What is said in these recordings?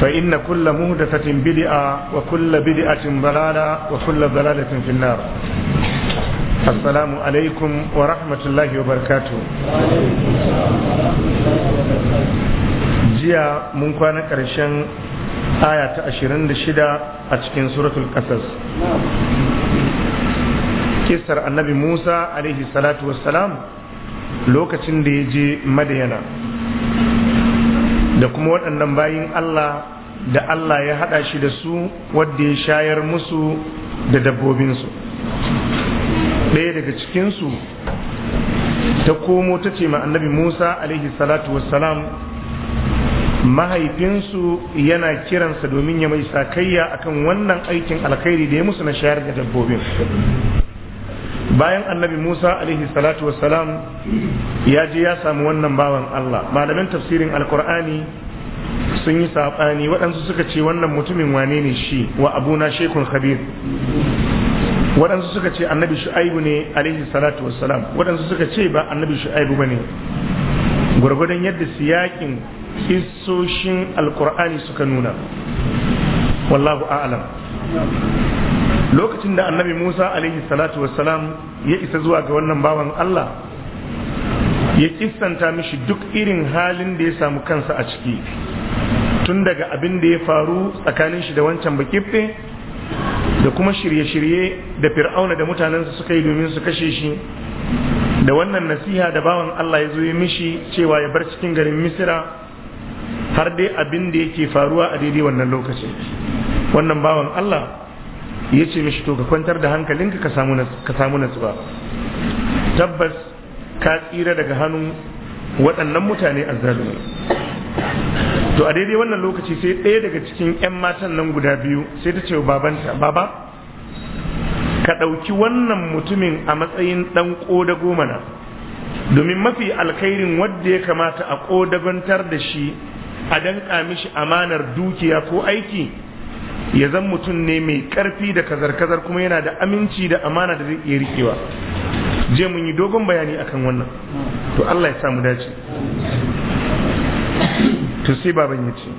فإن كل مهدثة بدعة وكل بدعة ضلالة وكل ضلالة في النار السلام عليكم ورحمة الله وبركاته جيا منكوانا كرشان آية أشرين لشدة أتكين سورة القصص kisar annabi Musa alaihi salatu wassalam lokacin da ya je Madiyana da kuma waɗannan bayin Allah da Allah ya haɗa shi da su wadda ya shayar musu da dabbobinsu ɗaya daga cikinsu ta komo ta ce ma annabi Musa alaihi salatu wassalam mahaifinsu yana kiransa domin ya mai sakayya akan wannan aikin alkhairi da ya musu na shayar da dabbobin bayan annabi musa alaihi salatu wassalam ya je ya samu wannan bawan allah malamin tafsirin alkur'ani sun yi saɓani waɗansu suka ce wannan mutumin wane ne shi wa abuna shekun khabir waɗansu suka ce annabi shu'aibu ne alaihi salatu wassalam waɗansu suka ce ba annabi shu'aibu ba ne gwargwadon yadda siyakin kissoshin alkur'ani suka nuna wallahu a'lam lokacin da annabi musa alaihi salatu wassalam ya isa zuwa ga wannan bawan allah ya kissanta mishi duk irin halin da ya samu kansa a ciki tun daga abin da ya faru tsakanin shi da wancan bakiffe da kuma shirye-shirye da fir'auna da mutanensa suka yi domin su kashe shi da wannan nasiha da bawan allah ya zo ya mishi cewa ya bar cikin garin misira har dai abin da yake faruwa a daidai wannan lokacin. wannan bawan allah ya ce mishi to ka kwantar da hankalinka ka samu natsuwa tabbas ka tsira daga hannun waɗannan mutane a azzalumi to a daidai wannan lokaci sai ɗaya daga cikin 'yan matan nan guda biyu sai ta ce babanta baba ka ɗauki wannan mutumin a matsayin ɗan ƙodago mana domin mafi alkhairin wadda ya kamata a ƙodagantar da shi a danƙa mishi amanar dukiya ko aiki ya zan mutum ne mai karfi da kazar-kazar kuma yana da aminci da amana da zai iya rikewa je mun yi dogon bayani akan wannan to Allah ya samu dace to sai baban ya ce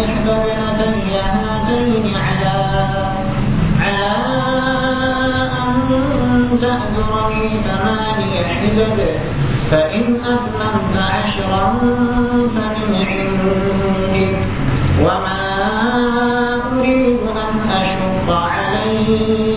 إحداهما بني فإن عشرا فمن عندك وما أريد أن أشق عليك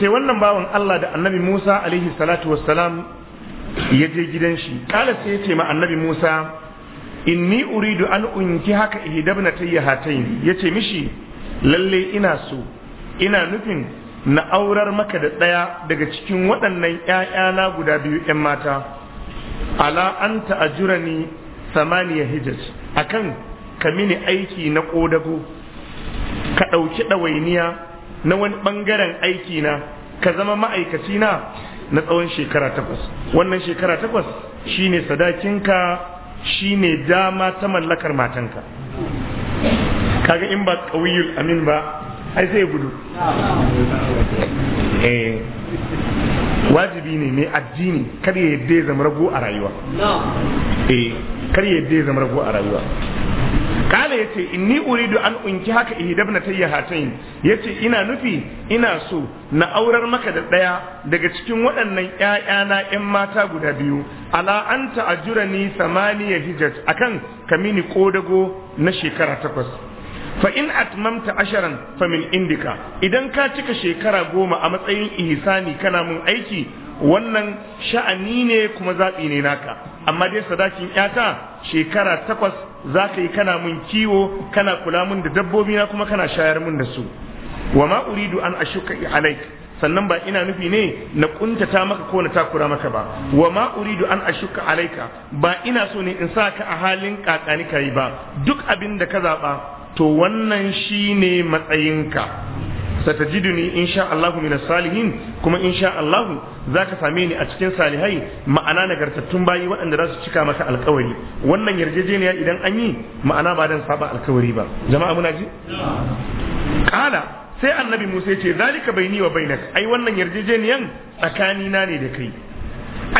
sai wannan bawan Allah da annabi Musa alaihi salatu wassalam ya je gidan shi kala sai ya ce ma annabi Musa inni uridu an unki haka ihdabna tayya Ya ce mishi lalle ina so ina nufin na aurar maka da ɗaya daga cikin waɗannan ‘ya'yana guda biyu ‘yan mata ala an ta'ajura ni samaniya hijaj akan ka mini aiki na ƙodago ka ɗauki ɗawainiya na wani bangaren aiki na ka zama ma'aikaci na na tsawon shekara takwas wannan shekara takwas shine sadakinka shine dama ta mallakar matanka kaga in ba ƙauyul amin ba ai sai gudu eh, wajibi ne mai addini kar ya yadda ya zama rago eh, yadda ya zama rago a rayuwa kala yace, inni uridu an unki haka ihdabna tayya hatayn ya yace ina nufi ina so na aurar maka da ɗaya daga cikin waɗannan ‘ya'yana ‘yan mata guda biyu ala a ta'ajura samaniya hijaj akan kamini kodago na shekara takwas fa in atmamta asharan fa indika idan ka cika shekara goma a matsayin ihsani kana mun aiki wannan sha'ani ne kuma zaɓi ne naka amma dai sadakin yata shekara takwas za ka yi kana mun kiwo kana kula mun da dabbobi na kuma kana shayar mun da su wa ma uridu an ashuka alaik sannan ba ina nufi ne na kuntata maka ko na takura maka ba wa ma uridu an ashuka alaika ba ina so ne in sa ka a halin kakani kai ba duk abin da ka zaɓa to wannan shine matsayinka satajiduni insha Allah min salihin kuma insha Allah zaka same ni a cikin salihai ma'ana nagartattun bayi waɗanda za su cika masa alkawari wannan yarjejeniya idan an yi ma'ana ba dan saba alkawari ba jama'a muna ji qala sai annabi Musa ce zalika baini wa bainak ai wannan yarjejeniyan tsakani na ne da kai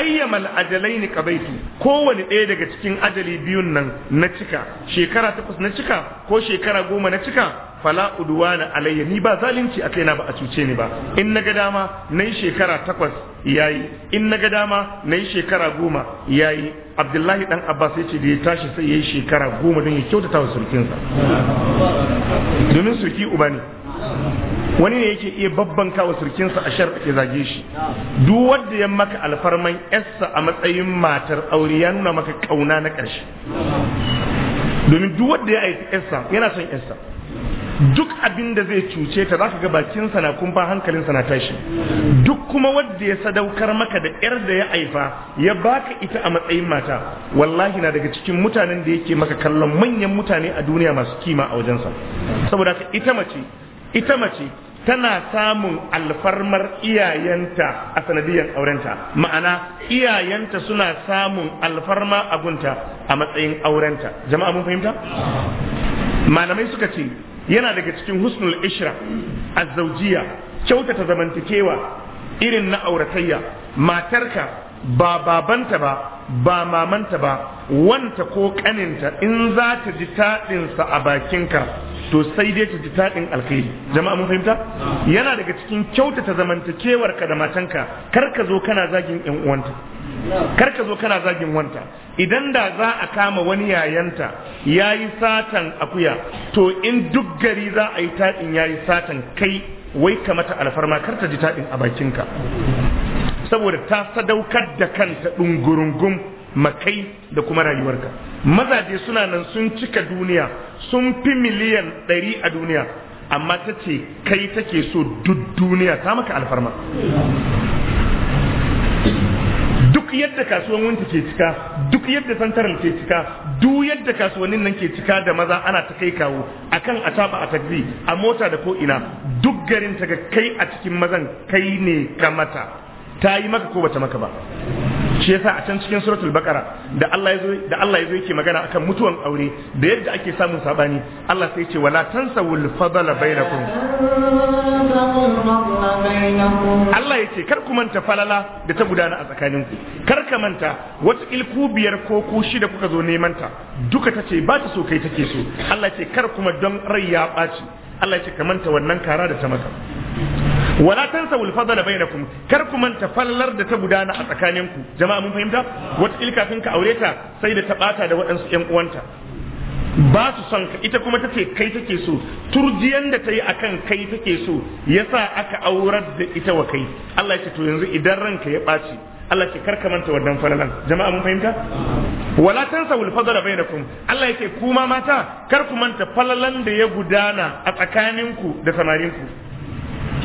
ayyamal ajalaini qabaitu kowane ɗaya daga cikin ajali biyun nan na cika shekara takwas na cika ko shekara goma na cika fala udwana alayya ni ba zalunci a kaina ba a cuce ni ba in naga dama nayi shekara takwas yayi in naga dama nayi shekara goma yayi abdullahi dan abbas ya da ya tashi sai yayi shekara goma don ya kyautata wa surkinsa domin surki uba ne wani ne yake iya babban kawo sa a shar ya zage shi duk wanda ya maka alfarman yarsa a matsayin matar aure ya nuna maka kauna na ƙarshe domin duk wanda ya aiki yarsa yana son yarsa duk abin da zai cuce ta zaka ga bakinsa na kumfa hankalinsa na tashi duk kuma wanda ya sadaukar maka da yar da ya aifa ya baka ita a matsayin mata wallahi na daga cikin mutanen da yake maka kallon manyan mutane a duniya masu kima a wajensa saboda haka ita mace ita mace tana samun alfarmar iyayenta a sanadiyar aurenta ma'ana iyayenta suna samun alfarma abunta a matsayin aurenta jama'a mun fahimta malamai suka ce yana daga cikin husnul ishra azzaujiya kyautata zamantakewa irin na auratayya matarka ba babanta ba ba mamanta ba wanta ko kaninta in za ta ji taɗinsa a bakinka to sai dai ta ji taɗin alkhairi jama'a mun fahimta yana daga cikin kyautata zamantakewarka da matanka kar ka zo kana zagin yan uwanta kar ka zo kana zagin wanta idan da za a kama wani yayanta ya yi satan akuya to in duk gari za a yi taɗin ya yi satan kai wai ka mata alfarma kar ta ji taɗin a bakinka saboda ta sadaukar da kanta ɗungurungum makai da kuma rayuwarka mazaje suna nan sun cika duniya sun fi miliyan ɗari a duniya amma ta ce kai take so duk duniya ta maka alfarma duk yadda kasuwanninta ke cika duk yadda santaral ke cika duk yadda kasuwannin nan ke cika da maza ana ta kai kawo akan a taba a tagzi a mota da ko ina duk garin ta ga kai a cikin mazan kai ne ka mata ta yi maka ko bata maka ba shi yasa a can cikin suratul baqara da Allah yazo da Allah zo yake magana akan mutuwan aure da yadda ake samun sabani Allah sai ce wala tansawul fadala bainakum Allah yace kar ku manta falala da ta gudana a tsakaninku kar ka manta wata ilku biyar ko ku shida kuka zo neman ta duka tace ba ta so kai take so Allah ce kar kuma don rai ya ɓaci Allah ce ka manta wannan kara da ta maka wala tansa wal fadala bainakum kar ku manta fallar da ta gudana a tsakaninku jama'a mun fahimta wata ilka kafin ka aure ta sai da ta bata da waɗansu ƴan uwanta ba su son ka ita kuma tace kai take so turjiyan da ta yi akan kai take so yasa aka aurar da ita wa kai Allah ya ce to yanzu idan ranka ya ɓaci Allah ce ka manta wannan falalan jama'a mun fahimta wala tansa wal fadala bainakum Allah yake kuma mata kar ku manta falalan da ya gudana a tsakaninku da samarinku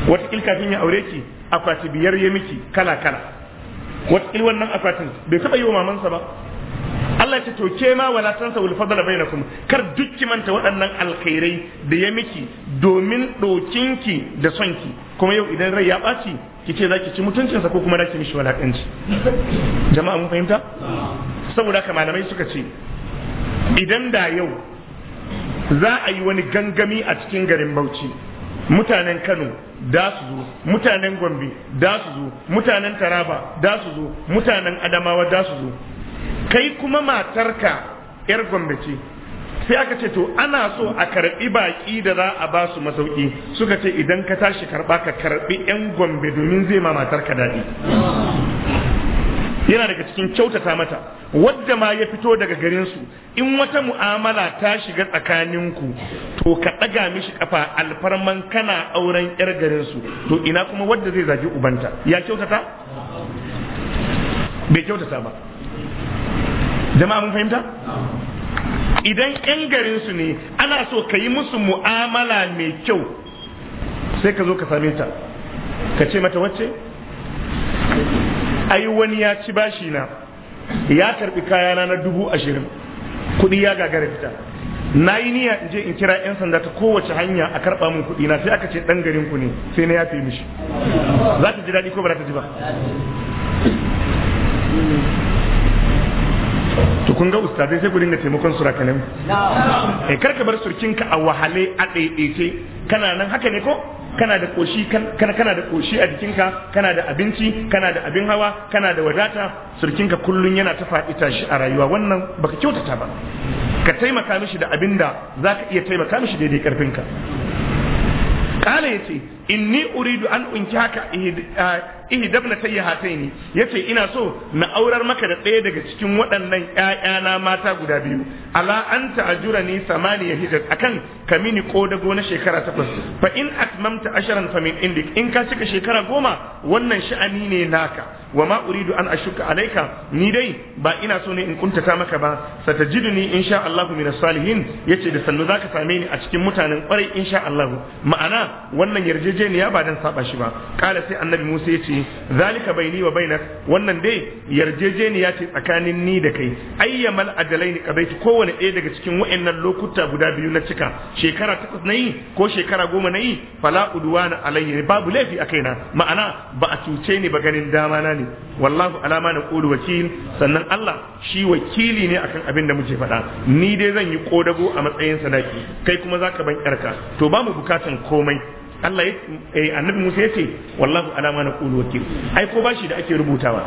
watakil kafin ya aure ki akwati biyar ya miki kala kala watakil wannan akwatin bai taba yi wa mamansa ba Allah ya to ke ma wala tansa wal fadl bainakum kar dukki manta waɗannan alkhairai da ya miki domin ki da sonki kuma yau idan rai ya baci ki ce zaki ci mutuncin sa ko kuma zaki mishi walakanci jama'a mun fahimta saboda haka malamai suka ce idan da yau za a yi wani gangami a cikin garin Bauchi mutanen Kano da su zo mutanen gombe da su zo mutanen taraba da su zo mutanen adamawa da su zo kai kuma matarka yar gombe ce sai aka ce to ana so a karbi baki da za a ba su masauki suka ce idan ka tashi karba ka karbi yan gombe domin zai ma matarka daɗi yana daga cikin kyautata mata wadda ma ya fito daga garinsu in wata mu'amala ta shiga tsakaninku to ka ɗaga mishi kafa alfarman kana auren yar garinsu to ina kuma wadda zai zagi ubanta ya kyautata bai kyautata ba jama'a mun fahimta idan yan garinsu ne ana so ka yi musu mu'amala mai kyau sai ka zo ka same ta ka ce mata wacce ai wani ya ci bashi na ya karbi kayana na dubu ashirin kuɗi ya gagara fita na yi niyya in je in kira 'yan sanda ta kowace hanya a karɓa min kuɗi na sai aka ce ɗan garin ku ne sai na yafe mishi za ta ji daɗi ko ba za ta ji ba to kun ga ustazai sai ku dinga taimakon surakanin eh karka bar surkinka a wahale a ɗaiɗaice kana nan haka ne ko kana da koshi kana da koshi a jikinka kana da abinci kana da abin hawa kana da wadata surkinka kullun yana ta faɗi shi a rayuwa wannan baka kyautata ba ka taimaka mishi da abin da za iya taimaka mishi daidai karfinka kala ya ce inni uridu an unki haka eh, ihdabna Ya yace ina so na aurar maka da ɗaya daga cikin waɗannan ƴaƴana mata guda biyu ala anta ajurani samaniya hijaj akan kamini kodago na shekara takwas fa in atmamta asharan fa min indik in ka cika shekara goma wannan sha'ani ne naka wa ma uridu an ashuka alaika ni dai ba ina so ne in kuntata maka ba satajiduni insha Allah min salihin yace da sannu zaka same ni a cikin mutanen kwarai insha Allah ma'ana wannan yarjejeniya ba dan saba shi ba kala sai annabi Musa yace zalika baini wa baina wannan dai yarjejeniya ce tsakanin ni da kai ayyamal ni qadaitu kowane ɗaya daga cikin wa'annan lokuta guda biyu na cika shekara takwas nayi ko shekara goma na yi. fala udwana alayhi babu laifi a kaina ma'ana ba a cuce ni ba ganin dama na ne wallahu alama na qulu wakil sannan Allah shi wakili ne akan abin da muke faɗa ni dai zan yi kodago a matsayin sanaki. kai kuma zaka ban yarka to ba mu bukatan komai Allah ya eh, annabi Musa ya ce wallahu ala ma naqulu wakil ai ko bashi da ake rubutawa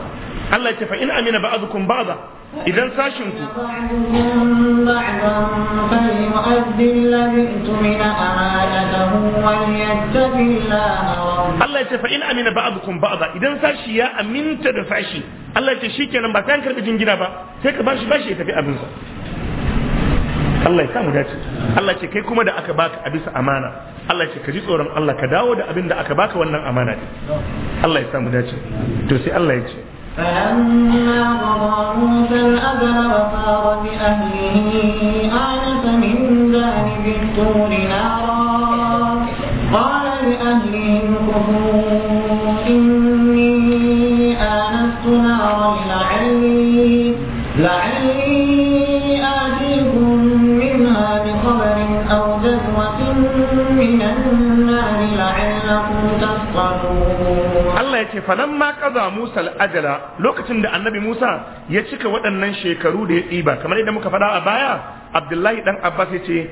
Allah ya ce fa in amina ba'dukum ba'da idan sashin ku Allah ya ce fa in amina ba'dukum ba'da idan sashi ya aminta da sashi Allah ya ce shikenan ba kan karbi jingina ba sai ka bashi bashi ya tafi abinsa Allah ya samu dace Allah ce kai kuma da aka baka a bisa amana Allah ce ka ji tsoron Allah ka dawo da abin da aka baka wannan amana ne Allah ya samu dace to sai Allah ya ce فأما قضى موسى الأجر بأهله آنس من جانب الطور نارا قال لأهلهم كفوا Allah ya ce fanan ma kaza Musa al’ajala lokacin da annabi Musa ya cika waɗannan shekaru da ya tsiba kamar yadda muka faɗa a baya Abdullahi ɗan Abbas ya ce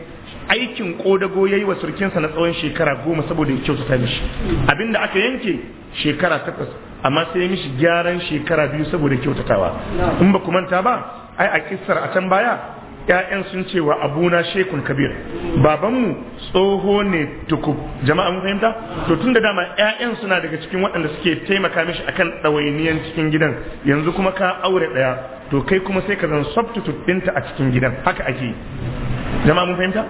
aikin ƙodago ya yi wa surkinsa na tsawon shekara goma saboda ya kyau ta mishi abinda aka yanke shekara takwas amma sai ya mishi gyaran shekara biyu saboda kyautatawa in ba ku manta ba ai a kissar a can baya ya'yan sun ce wa abuna shekun kabir babanmu tsoho ne tukub jama'a mun fahimta to tun da dama ya'yan suna daga cikin waɗanda suke taimaka mishi akan ɗawainiyan cikin gidan yanzu kuma ka aure ɗaya to kai kuma sai ka zan substitute ɗinta a cikin gidan haka ake jama mun fahimta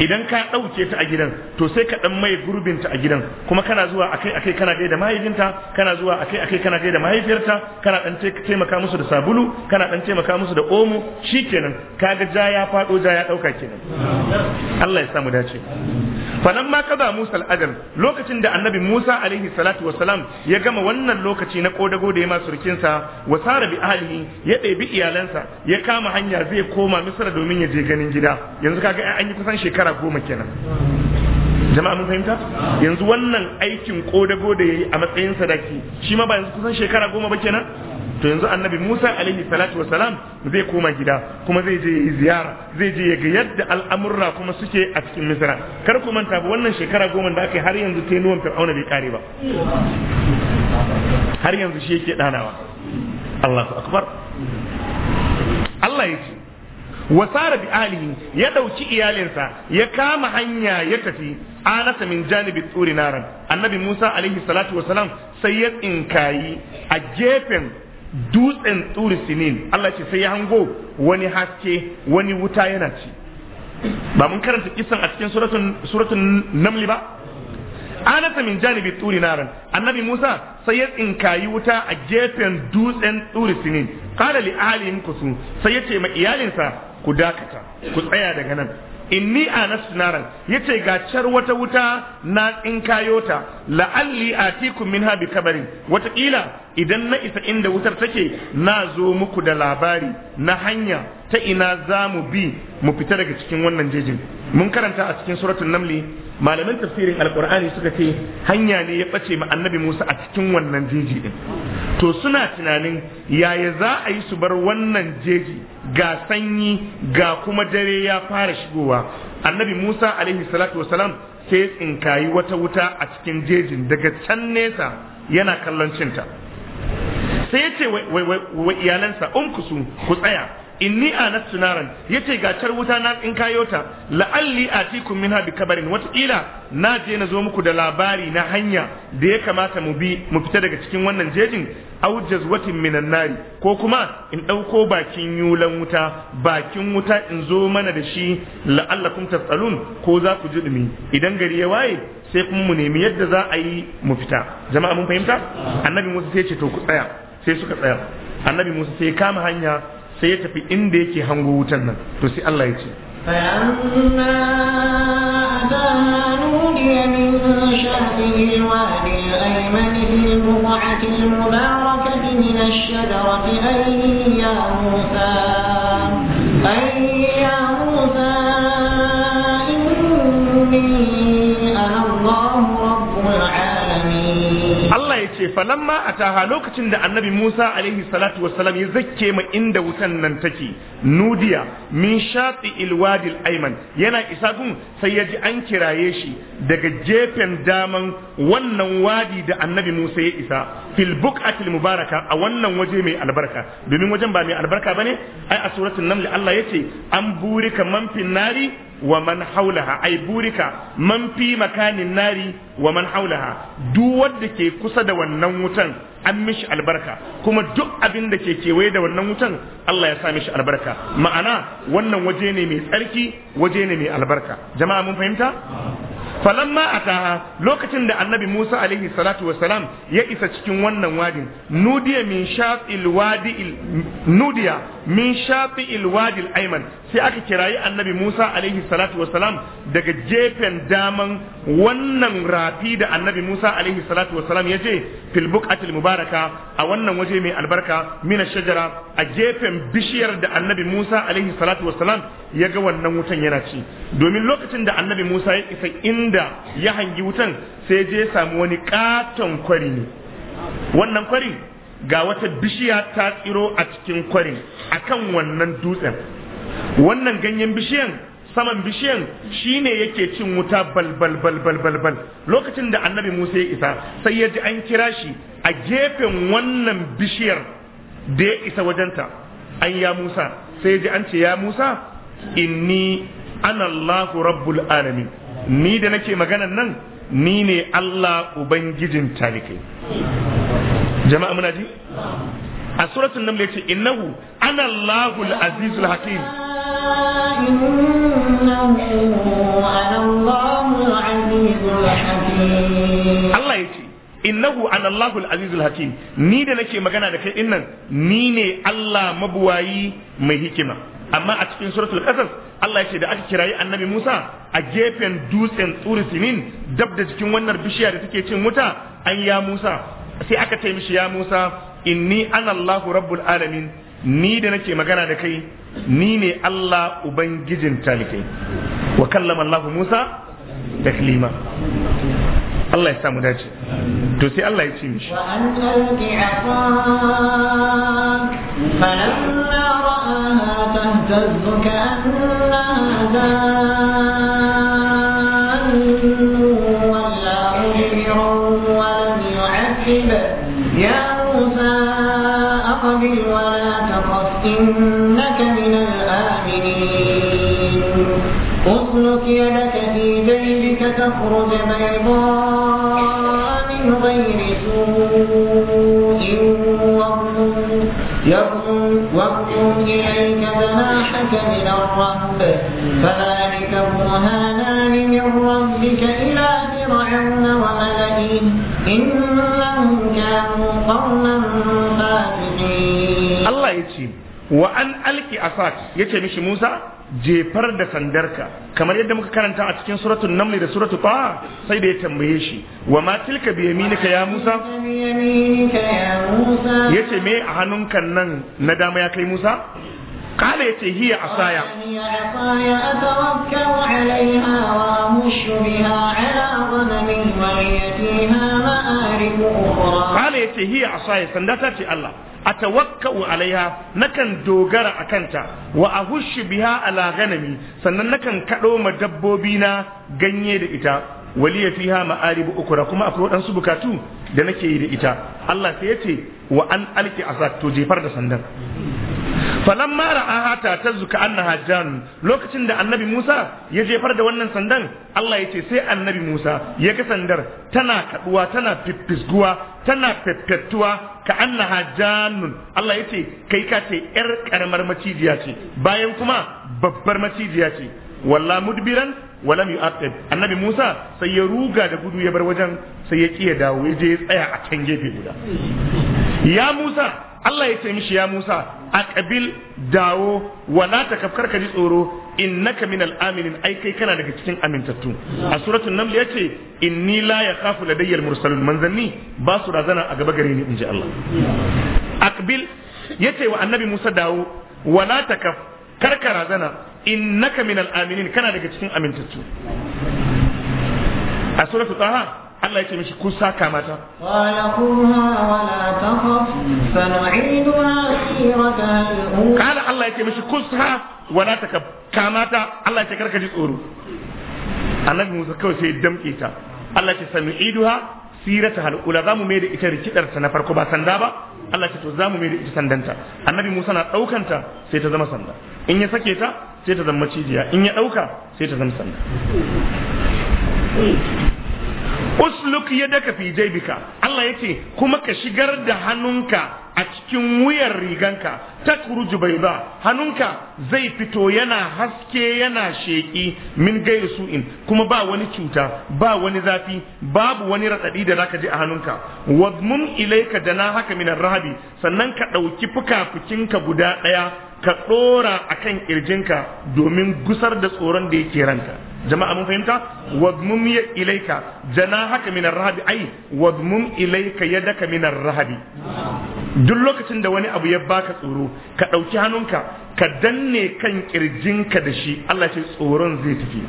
idan ka ɗauke ta a gidan to sai ka ɗan mai gurbinta a gidan kuma kana zuwa akai akai kana gaida da mahaifinta kana zuwa akai akai kana gaida da mahaifiyarta kana ɗan taimaka musu da sabulu kana ɗan taimaka musu da omo shikenan kaga ja ya faɗo ja ya ɗauka kenan Allah ya samu dace nan ma kaza Musa al'adar lokacin da annabi Musa alaihi salatu salam ya gama wannan lokaci na kodago da ya masu rikinsa wasara bi ahlihi ya ɗebi iyalansa ya kama hanya zai koma misra domin ya je ganin gida yanzu kaga an yi kusan shekara goma kenan jama'a mun fahimta yanzu wannan aikin kodago da yayi a matsayin sadaki shi ma ba yanzu kusan shekara goma ba kenan to yanzu annabi Musa alaihi salatu wasalam zai koma gida kuma zai je yi ziyara zai je ya ga yadda al'amurra kuma suke a cikin Misra kar ku manta ba wannan shekara goma da aka yi har yanzu tenuwan Fir'auna bai kare ba har yanzu shi yake danawa Allahu akbar Allah ya ce wasara bi alihi ya ɗauki iyalinsa ya kama hanya ya tafi anasa min janibi tsuri naran annabi Musa alaihi salatu wasalam sai ya tsinkayi a gefen dutsen tsuri sinin Allah ce sai ya hango wani haske wani wuta yana ci ba mun karanta kisan a cikin suratun suratun namli ba anasa min janibi turi naran annabi Musa sai ya tsinkayi wuta a gefen dutsen turi sinin li'alin li alim sai ya ce ma iyalinsa ku dakata ku tsaya daga nan inni anastu naran yace ga car wata wuta na tsinkayo ta la'alli atikum minha bi kabarin wataƙila idan na isa inda wutar take na zo muku da labari na hanya ta ina za mu bi mu fita daga cikin wannan jejin mun karanta a cikin suratul namli Malamin tafsirin alqur'ani suka ce hanya ne ya bace ma annabi Musa a cikin wannan jeji din to suna tunanin yaya za a yi su bar wannan jeji ga sanyi ga kuma dare ya fara shigowa annabi Musa alaihi salatu wasalam sai ya tsinkayi wata wuta a cikin jejin daga can nesa yana kallon cinta sai ya ce wa iyalansa umkusu ku tsaya inni anastu naran yace ga tar wuta na in kayo ta la'alli atikum minha bi kabarin wata ila na je na zo muku da labari na hanya da ya kamata mu bi mu fita daga cikin wannan jejin aw watin minan nari ko kuma in ɗauko bakin yulan wuta bakin wuta in zo mana da shi la'allakum tasalun ko za ku ji dumi idan gari ya waye sai kuma mu nemi yadda za a yi mu fita jama'a mun fahimta annabi Musa sai ce to ku tsaya sai suka tsaya annabi Musa sai kama hanya sai ya tafi inda yake hango wutan nan to sai Allah ya ce المباركة falamma taha lokacin da annabi Musa alaihi salatu wassalam ya zakke ma inda wutan nan take nudiya min shati ilwadil aiman. yana isa gun sai ya ji an kiraye shi daga jefen daman wannan wadi da annabi Musa ya isa fil buqatil mubaraka a wannan waje mai albarka domin wajen ba mai albarka bane ai a suratul naml Allah yace an burika man fin nari wa man haulaha ai burika man fi makanin nari wa man haulaha duk wanda ke kusa da wannan wutan an mishi albarka kuma duk abin da ke kewaye da wannan wutan Allah ya sa mishi albarka ma'ana wannan waje ne mai tsarki waje ne mai albarka jama'a mun fahimta falamma ataha lokacin da annabi Musa alaihi salatu wassalam ya isa cikin wannan wadin nudiya min shafi wadi nudiya min ayman sai aka kirayi annabi Musa alaihi salatu wassalam daga jefen daman wannan rafi da annabi Musa alaihi salatu wassalam ya je fil buqatil mubaraka a wannan waje mai albarka mina shajara a gefen bishiyar da annabi Musa alaihi salatu wassalam ya ga wannan wutan yana ci domin lokacin da annabi Musa ya isa inda da ya hangi wutan sai je samu wani katon kwari ne wannan kwarin ga wata bishiya ta tsiro a cikin kwarin kan wannan dutsen wannan ganyen bishiyan saman bishiyan shine yake cin wuta bal bal bal bal bal bal lokacin da annabi Musa ya isa sai ya an kira shi a gefen wannan bishiyar da ya isa wajenta an ya Musa sai ya ji an ce ya Musa inni ana Allahu rabbul alamin ni da nake maganan nan ni ne Allah ubangijin talikai jama'a muna ji a suratul naml ce innahu ana Allahul azizul hakim Allah yace innahu ana Allahul azizul hakim ni da nake magana da kai innan ni ne Allah mabuwayi mai hikima amma a cikin suratul qasas Allah ya ce da aka kirayi annabi Musa a gefen dutsen tsuri sinin dab da jikin wannan bishiya da take cin wuta an ya Musa sai aka ce mishi ya Musa inni ana Allahu rabbul alamin ni da nake magana da kai ni ne Allah ubangijin talikai wa kallama Allah Musa taklima Allah ya samu dace to sai Allah ya ce mishi تهتز كأنها جان ولا مدبر ولم يعقب يا موسى أقبل ولا تخف إنك من الآمنين أسلك يدك في جيبك تخرج بيضاء من غير سوء وكن إليك جناحك من الرب فذلك برهانان من ربك إلى فرعون وملئه إنهم كانوا قوما فاسقين الله يجزيك وأن ألقي أساك يجي مش موسى jefar da sandarka kamar yadda muka karanta a cikin suratul naml da suratul taha sai da ya tambaye shi wa ma tilka bi yaminika ya musa yace me a hannunka nan na dama ya kai musa قال يتي هي عصايا أتوكل عليها وأمش بها على غنمي ولي فيها مآرب أخرى قال هي عصايا سندتك الله atawakkau alaiha nakan dogara kanta wa hushi biha ala ganami sannan nakan kaɗo ma dabbobi na ganye da ita waliya fiha ma'aribu ukura kuma akwai waɗansu bukatu da nake yi da ita Allah sai yace wa an alki asat to jefar da sandan Falan a hata ta zuka annaha jan lokacin da annabi Musa ya jefar da wannan sandan Allah ya ce sai annabi Musa ya ga sandar tana kaduwa tana fiffisguwa tana feffettuwa ka annaha jannun Allah ya ce kai ka ce yar karamar macijiya ce bayan kuma babbar macijiya ce walla mudbiran walam yu'aqib annabi Musa sai ya ruga da gudu ya bar wajen sai ya ya dawo ya je ya tsaya a can gefe guda ya Musa Allah ya ce mishi ya Musa aqbil dawo wala takaffar ka ji tsoro innaka minal aminin ai kai kana daga cikin amintattu a suratul naml yace inni la yakhafu ladayyal mursalun manzanni ba su razana a gaba gare ni inji Allah aqbil yace wa annabi Musa dawo wala takaf karka razana innaka minal aminin kana daga cikin amintattu a suratul taha Allah ya ce mishi kun saka mata kala Allah ya ce mishi kun sa wala ta kamata Allah ya ce karka ji tsoro annabi Musa kawai sai damke ta Allah ya ce sanu'iduha sirata halula zamu mai da ita rikidar ta na farko ba sanda ba Allah ce to zamu mai da ita sandanta annabi Musa na ta sai ta zama sanda in ya sake ta sai ta zama cijiya in ya dauka sai ta zama sanda usluk yadaka fi jaybika Allah ya ce kuma ka shigar da hannunka a cikin wuyar riganka ta kuruji bai ba, hannunka zai fito yana haske yana sheki min gairi su'in kuma ba wani cuta ba wani zafi babu wani raɗaɗi da zaka ji a hannunka wadmum ilaika na haka minar rahabi sannan ka ɗauki fuka fukinka guda ɗaya. ka ɗora akan kan ka domin gusar da tsoron da yake ranka jama'a mun fahimta wadmum ya ilaika jana haka minar rahabi ai wadmum ilaika ya daka minar rahabi duk lokacin da wani abu ya baka tsoro ka ɗauki hannunka ka danne kan kirjinka da shi Allah ce tsoron zai tafi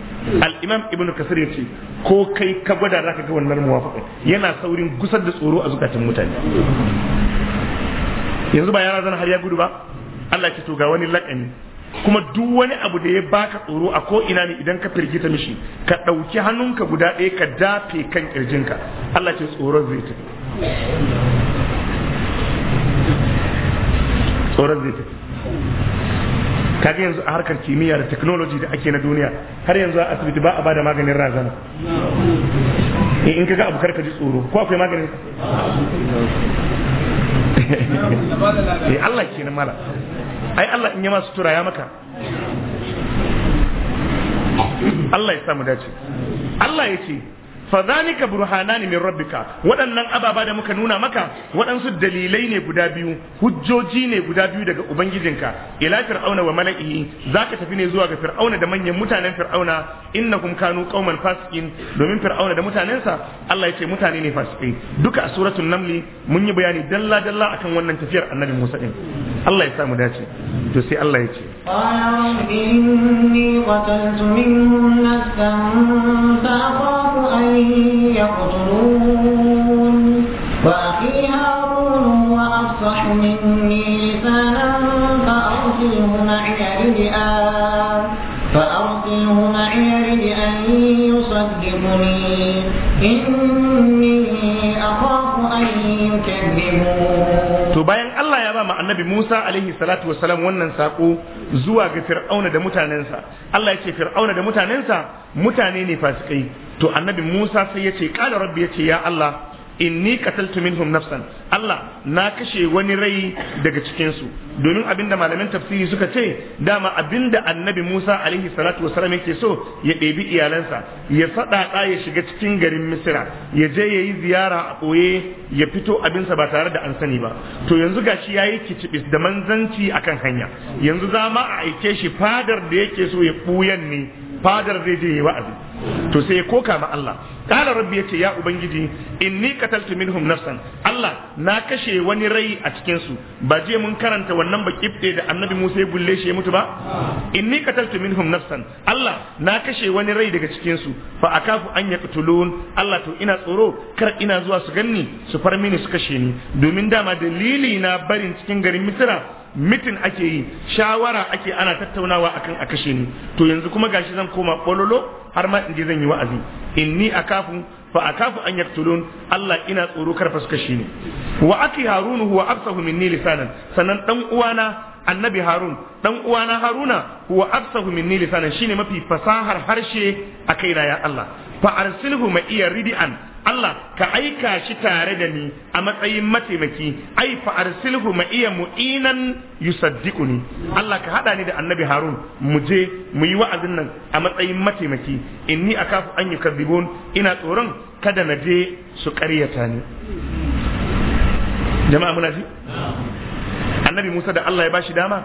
al-imam ibnu kasir ya ce ko kai ka gwada zaka ga wannan muwafaqa yana saurin gusar da tsoro a zukatan mutane yanzu ba yara zan har ya gudu ba Allah ce to ga wani lakani kuma duk wani abu da ya baka tsoro a ko ina ne idan ka firgita mishi ka ɗauki hannunka guda ɗaya ka dafe kan ƙirjinka Allah ce tsoron zai tafi tsoron zai tafi kaga yanzu a harkar kimiyya da technology da ake na duniya har yanzu a asibiti ba a bada maganin razana eh, in kaga abu karka ji tsoro ko akwai maganin eh, Allah kenan mala ai Allah in yi masu tura ya maka Allah ya samu dace Allah ya ce fadhalika burhanani min rabbika waɗannan ababa da muka nuna maka waɗansu dalilai ne guda biyu hujjoji ne guda biyu daga ubangijinka ila fir'auna wa mala'ihi zaka tafi ne zuwa ga fir'auna da manyan mutanen fir'auna innakum kanu qauman fasikin domin fir'auna da mutanensa Allah ya ce mutane ne fasikai duka a suratul namli mun yi bayani dalla dalla akan wannan tafiyar annabi Musa din Allah ya samu dace to sai Allah ya ce فأرسله معي رد to bayan Allah ya ba ma annabi Musa alaihi salatu wassalam wannan saƙo zuwa ga Fir'auna da mutanensa Allah ya ce Fir'auna da mutanensa mutane ne fasikai to annabi Musa sai ya ce qala rabbi ya ce ya Allah inni qataltu minhum nafsan Allah na kashe wani rai daga cikin su domin abinda malamin tafsiri suka ce dama abinda annabi Musa alaihi salatu wasallam yake so ya ɗebi iyalansa ya da ya shiga cikin garin Misra ya je yayi ziyara a koye ya fito abinsa ba tare da an sani ba to yanzu gashi yayi kicibis da manzanci akan hanya yanzu za ma a aike shi fadar da yake so ya buyan ne fadar zai je ya yi wa'azi to sai ko kama Allah kana rabbi yace ya ubangiji inni qataltu minhum nafsan Allah na kashe wani rai a cikin su ba je mun karanta wannan ba kifte da annabi Musa ya bulle shi mutu ba inni qataltu minhum nafsan Allah na kashe wani rai daga cikin su fa akafu an yaqtulun Allah to ina tsoro kar ina zuwa su ganni su far mini su kashe ni domin dama dalili na barin cikin garin Misira mitin ake yi shawara ake ana tattaunawa akan a kashe ni to yanzu kuma gashi zan koma bololo har ma in je zan yi wa'azi inni akafu fa akafu an yaktulun Allah ina tsoro karfa su kashe ni wa aki harunu huwa afsahu minni lisanan sannan dan uwana annabi harun dan uwana haruna huwa afsahu minni lisanan shine mafi fasahar harshe a kaina ya Allah fa arsilhu ma iya ridi'an Allah ka aika shi tare da ni a matsayin mataimaki ai fa arsilhu ma iya mu'inan yusaddiquni Allah ka hada ni da Annabi Harun mu je mu yi wa'azin nan a matsayin mataimaki inni akafu an yukadibun ina tsoron kada na je su ƙaryata ni jama'a muna ji Annabi Musa da Allah ya bashi dama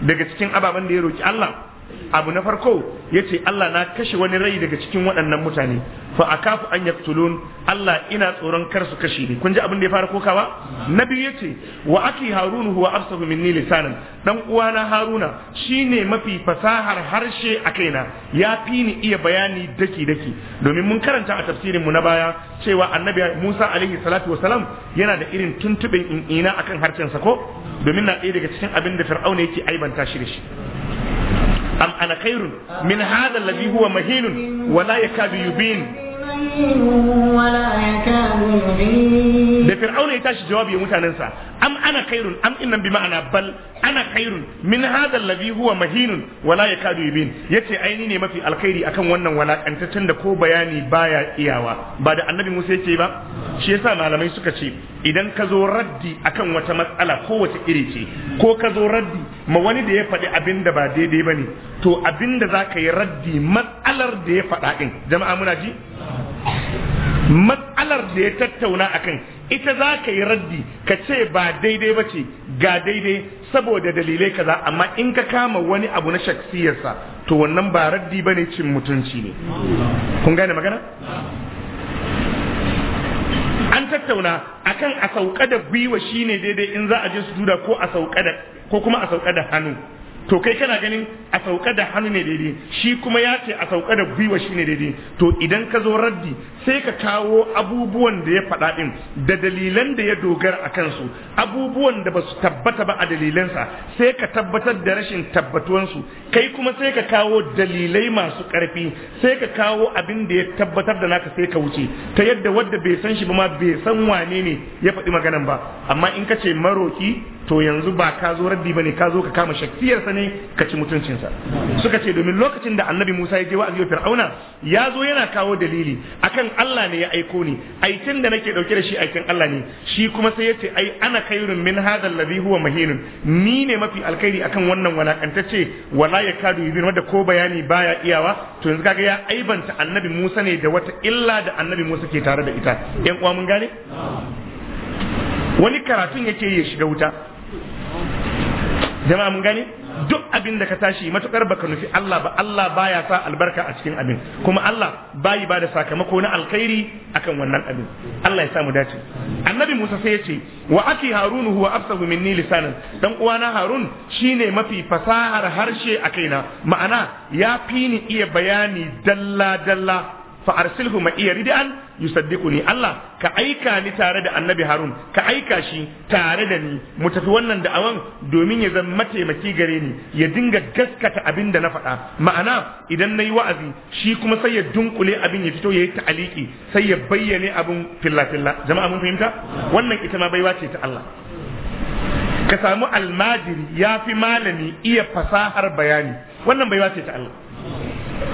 daga cikin ababen da ya roki Allah abu na farko yace Allah na kashe wani rai daga cikin waɗannan mutane fa akafu an yaqtulun Allah ina tsoron kar su kashe ni kun ji abin da ya fara kokawa nabi yace wa aki harun huwa afsahu minni lisanan dan uwana haruna shine mafi fasahar harshe a kaina ya fi ni iya bayani daki daki domin mun karanta a tafsirin mu na baya cewa annabi Musa alaihi salatu wasalam yana da irin tuntuɓin ina akan harshen sa ko domin na ɗaya daga cikin abin da fir'auna yake aibanta shi da shi أم أنا خير من هذا الذي هو مهين ولا يكاد يبين da fir'auna ya tashi jawabi ya mutanensa am ana khairun am innan bi ma'ana bal ana khairun min hadha alladhi huwa mahinun wala yakadu yubin yace aini ne mafi alkhairi akan wannan walakantaccen da ko bayani baya iyawa ba da annabi Musa yake ba shi yasa malamai suka ce idan ka zo raddi akan wata matsala ko wace iri ce ko ka zo raddi ma wani da ya faɗi abin da ba daidai bane to abin da za ka yi raddi matsalar da ya faɗa din jama'a muna ji matsalar da ya tattauna akan ita za ka yi raddi ka ce ba daidai ba ce ga daidai saboda dalilai kaza amma in ka kama wani abu na shaksiyarsa to wannan ba raddi ba ne cin mutunci ne kun gane magana an tattauna akan a sauƙa da gwiwa shine daidai in za a je su duda ko kuma a sauka da hannu to kai kana ganin a sauka da hannu ne daidai shi kuma ya ce a sauka da gwiwa shi ne daidai to idan ka zo raddi sai ka kawo abubuwan da ya faɗa ɗin da dalilan da ya dogara a kansu abubuwan da ba su tabbata ba a dalilansa sai ka tabbatar da rashin tabbatuwansu kai kuma sai ka kawo dalilai masu ƙarfi sai ka kawo abin da ya tabbatar da naka sai ka wuce ta yadda wadda bai san shi ba ma bai san wane ne ya faɗi maganan ba amma in ka ce maroki to yanzu ba ka zo raddi bane ka zo ka kama sa ne ka ci mutuncinsa suka ce domin lokacin da annabi Musa ya je wa'azi wa Fir'auna ya zo yana kawo dalili akan Allah ne ya aiko ni aikin da nake dauke da shi aikin Allah ne shi kuma sai ya ce ai ana khairun min hadha alladhi huwa mahinun ni ne mafi alkhairi akan wannan walakantacce wala kadu yubin wanda ko bayani baya iyawa to yanzu kaga ya aibanta annabi Musa ne da wata illa da annabi Musa ke tare da ita yan uwa mun gane wani karatun yake ya shiga wuta jama'a mun gani duk abin da ka tashi matukar baka nufi Allah ba Allah baya sa albarka a cikin abin kuma Allah bayi ba da sakamako na alkhairi akan wannan abin Allah ya samu dace annabi Musa sai ya ce wa aki Harun huwa afsahu minni lisanan dan uwana harun shine mafi fasahar harshe a kaina ma'ana ya fi ni iya bayani dalla dalla fa arsilhu ma iya ridan yusaddiquni Allah ka aika ni tare da annabi Harun ka aika shi tare da ni mu tafi wannan da'awan domin ya zama mataimaki gare ni ya dinga gaskata abin da na faɗa ma'ana idan nayi wa'azi shi kuma sai ya dunkule abin ya fito yayi ta'aliki sai ya bayyane abin filla filla jama'a mun fahimta wannan ita ma baiwa ce ta Allah ka samu almajiri ya fi malami iya fasahar bayani wannan baiwa ce ta Allah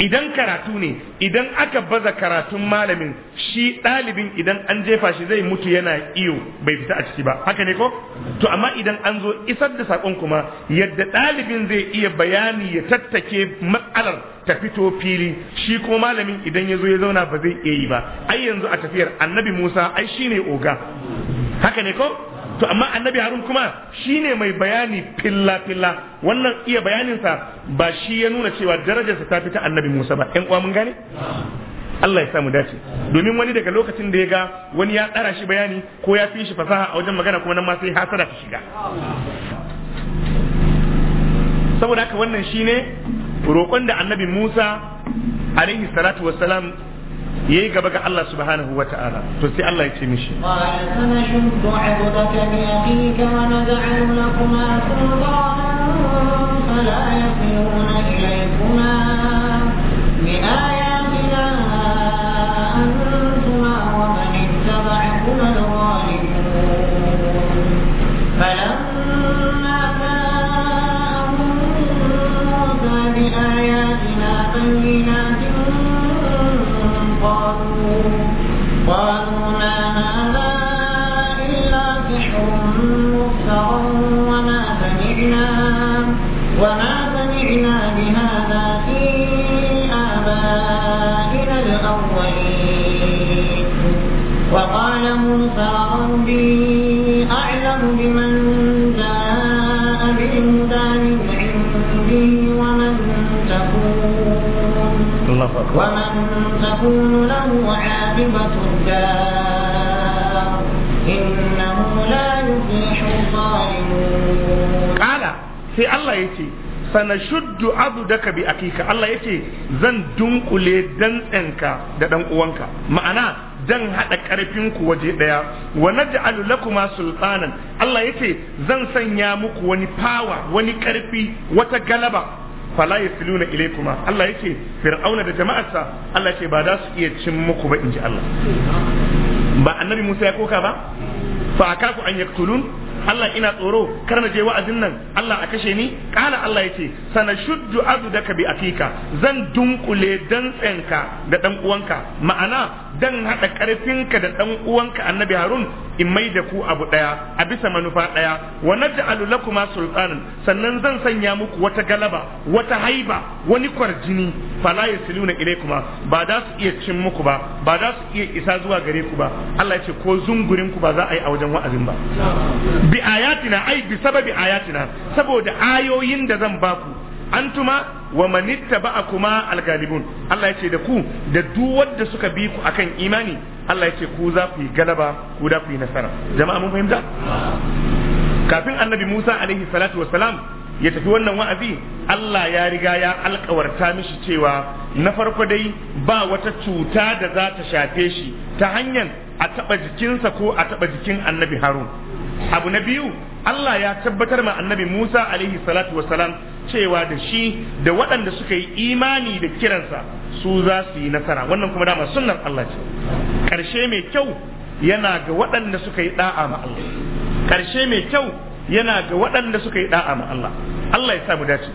idan karatu ne idan aka baza karatun malamin shi ɗalibin idan an jefa shi zai mutu yana iyo bai fita a ciki ba haka ne ko to amma idan an zo isar da sakon kuma yadda ɗalibin zai iya bayani ya tattake matsalar ta fito fili shi kuma malamin idan ya zo ya zauna ba zai iya yi ba ai yanzu a tafiyar annabi musa ai shine oga haka ne ko to amma annabi harun kuma shine mai bayani filla filla wannan iya bayaninsa ba shi ya nuna cewa darajarsa ta fita annabi musa ba Yan uwa mun gane Allah ya samu dace domin wani daga lokacin da ya ga wani ya tsara shi bayani ko ya fi shi fasaha a wajen magana kuma nan ma sai hasara ta shiga saboda haka wannan shine roƙon da annabi Musa alaihi salatu wassalam Yi gaba ga Allah subhanahu wa ta'ala to sai Allah ya ce mishi لا يصيرون إليكما بآية abu da ka bi a akika Allah yace zan dunkule dantsenka da dan uwanka ma'ana dan hada karfin ku waje daya wa naj'alu lakuma sultanan Allah yace zan sanya muku wani power wani karfi wata galaba fala yasiluna ilaykuma Allah yace fir'auna da jama'arsa Allah yake ba za su iya cin muku ba inji Allah ba annabi Musa ya koka ba fa akaku an yaktulun Allah ina tsoro kar na je wa'azin nan Allah a kashe ni kana Allah yace sanashuddu azudaka bi akika zan dunkule dantsenka da dan uwanka ma'ana dan hada karfinka da dan uwanka annabi harun in mai da ku abu daya a bisa manufa daya wa naj'alu lakuma sultanan sannan zan sanya muku wata galaba wata haiba wani kwarjini fala yasiluna kuma ba za su iya cin muku ba ba za su iya isa zuwa gare ku ba Allah ya ce ko zungurin ku ba za a yi a wajen wa'azin ba bi ayatina ai bi sababi ayatina saboda ayoyin da zan baku antuma wa manitta ba kuma algalibun Allah ya ce da ku da duk wanda suka bi ku akan imani Allah ya ce ku za ku yi galaba ku da ku yi nasara jama'a mun fahimta kafin annabi Musa alaihi salatu wassalam ya tafi wannan wa'azi Allah ya riga ya alkawarta mishi cewa na farko dai ba wata cuta da za ta shafe shi ta hanyar a taɓa jikinsa ko a taɓa jikin annabi harun abu na biyu Allah ya tabbatar ma annabi Musa alaihi salatu wasalam cewa da shi da waɗanda suka yi imani da kiransa su za su yi nasara wannan kuma dama sunan Allah ce ƙarshe mai kyau yana ga waɗanda suka yi ɗa'a ma Allah ƙarshe mai kyau yana ga waɗanda suka yi da'a ma Allah Allah ya sa mu dace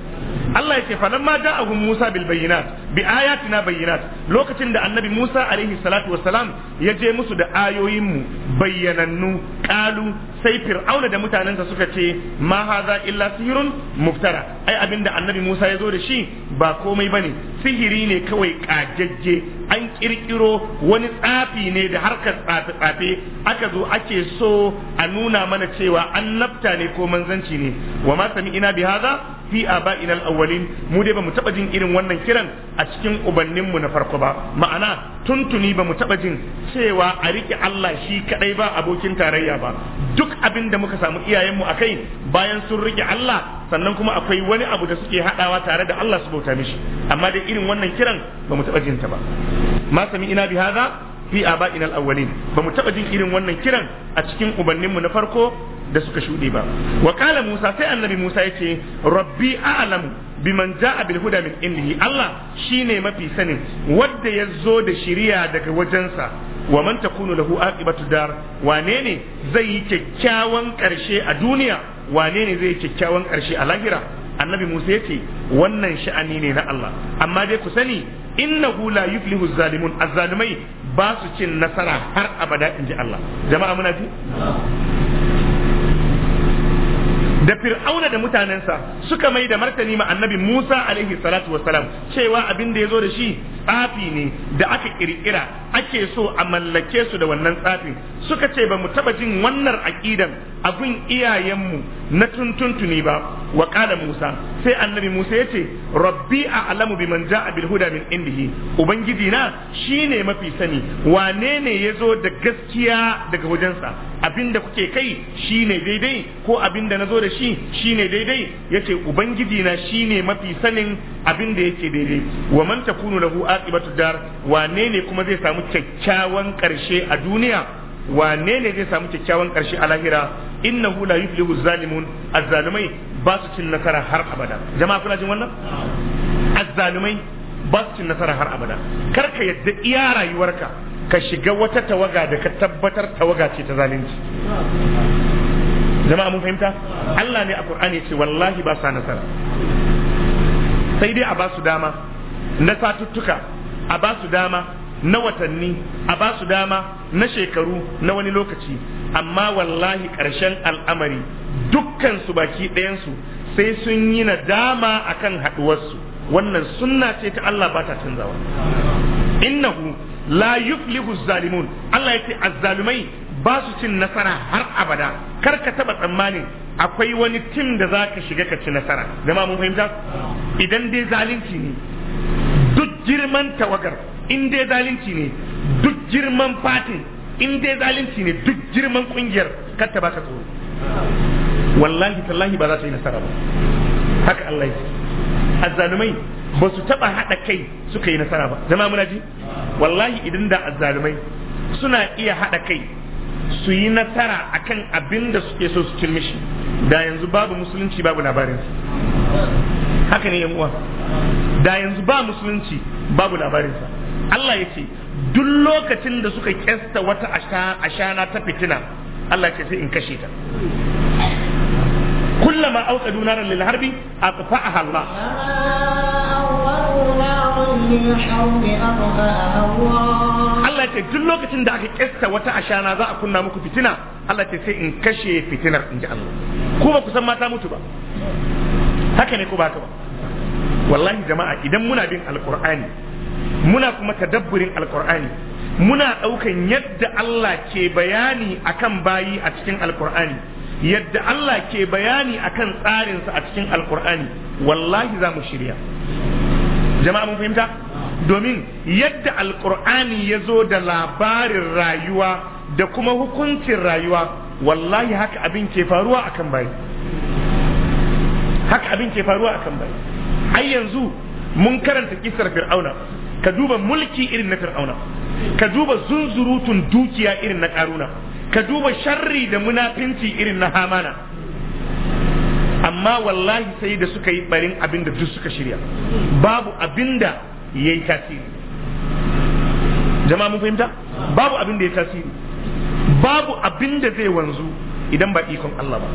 Allah ya ce falamma ja'ahum Musa bil bayyinat bi ayatina bayyinat lokacin da annabi Musa alaihi salatu wassalam ya je musu da ayoyin mu bayyanannu qalu sai fir'auna da mutanensa suka ce ma hadha illa sihrun muftara ai abinda annabi Musa ya zo da shi ba komai bane sihiri ne kawai kajajje an kirkiro wani tsafi ne da harkar tsafe tsafe aka zo ake so a nuna mana cewa annabta ne ko manzanci ne wa ma sami ina bi hadha fi aba'ina al-awwalin mu dai bamu taba jin irin wannan kiran a cikin ubanninmu na farko ba ma'ana tuntuni bamu taba jin cewa a rike Allah shi kadai ba abokin tarayya ba duk abin da muka samu iyayen mu akai bayan sun rike Allah sannan kuma akwai wani abu da suke hadawa tare da Allah su bauta mishi amma dai irin wannan kiran bamu taba jin ta ba ma sami ina bi hadha fi aba'ina al-awwalin bamu taba jin irin wannan kiran a cikin ubanninmu na farko da suka shuɗe ba wa Musa sai annabi Musa ya ce rabbi a'lamu biman ja'a bil huda min indihi Allah shine mafi sanin wanda ya zo da shiriya daga wajensa wa man takunu lahu aqibatu dar wane ne zai yi kyakkyawan karshe a duniya wane ne zai yi kyakkyawan karshe a lahira annabi Musa ya ce wannan sha'ani ne na Allah amma dai ku sani innahu la yuflihu zalimun azzalimai ba su cin nasara har abada inji Allah jama'a muna ji da fir'auna da mutanensa suka mai da martani ma annabi Musa alaihi salatu wassalam cewa abin da ya zo da shi tsafi ne da aka kirkira ake so a mallake su da wannan tsafin suka ce ba mu taba jin wannan aqidan abin iyayenmu na tuntuntuni ba wa qala Musa sai annabi Musa ya ce rabbi a'lamu man ja'a bil huda min indihi ubangiji na shine mafi sani wane ne yazo da gaskiya daga wajensa abinda kuke kai shine daidai ko abinda nazo da shi shine daidai yace ubangiji na shine mafi sanin abinda yake daidai wa man takunu lahu aqibatu dar wane ne kuma zai samu kyakkyawan karshe a duniya wane ne zai samu kyakkyawan karshe a lahira innahu la yuflihu zalimun azzalumai ba su cin nasara har abada jama'a kuna jin wannan azzalumai ba su cin nasara har abada kar ka yadda iya rayuwarka ka shiga wata tawaga da ka tabbatar tawaga ce ta zalunci jama'a mun fahimta Allah ne a Qur'ani ce wallahi ba sa nasara sai dai a ba su dama na satuttuka a ba su dama na watanni a ba su dama na shekaru na wani lokaci amma wallahi ƙarshen al'amari dukkan su baki ɗayansu sai sun yi nadama akan haɗuwarsu wannan sunna ce ta Allah ba ta canzawa innahu la yuflihu zalimun Allah ya ce azzalumai ba su cin nasara har abada kar ka taba tsammanin akwai wani tim da za ka shiga ka ci nasara zama mun fahimta idan dai zalunci ne duk girman tawagar in dai zalunci ne duk girman fatin in dai zalunci ne duk girman kungiyar kanta ta baka tsoro wallahi tallahi ba za ta yi nasara ba haka Allah ya azzalumai ba su taba hada kai suka yi nasara ba zama muna ji wallahi idan da azzalumai suna iya hada kai su yi nasara akan abin da suke so su cin mishi da yanzu babu musulunci babu labarinsa haka ne yan uwa da yanzu ba musulunci babu labarinsa Allah ya ce duk lokacin da suka kesta wata ashana ta fitina Allah ya ce sai in kashe ta kullama awqadu naran lil harbi atfa'aha Allah ce duk lokacin da aka kesta wata ashana za a kunna muku fitina Allah ce sai in kashe fitinar in ji Allah ku ba kusan mata mutu ba haka ne ku ba ka ba wallahi jama'a idan muna bin alqur'ani muna kuma tadabburin alqur'ani muna ɗaukan yadda Allah ke bayani akan bayi a cikin alkur'ani yadda Allah ke bayani akan tsarinsa a cikin alkur'ani wallahi za mu shirya jama'a mun fahimta domin yadda alkur'ani ya zo da labarin rayuwa da kuma hukuncin rayuwa wallahi haka abin ke faruwa akan bai. haka abin ke faruwa akan bai, ai yanzu mun karanta kisar fir'auna ka duba mulki irin na fir'auna ka duba zunzurutun dukiya irin na karuna ka duba sharri da munafinci irin na hamana amma wallahi sai da suka yi barin abin da duk suka shirya babu abin da ya yi tasiri jama'a mun fahimta babu abin da ya tasiri babu abin da zai wanzu idan ba ikon Allah ba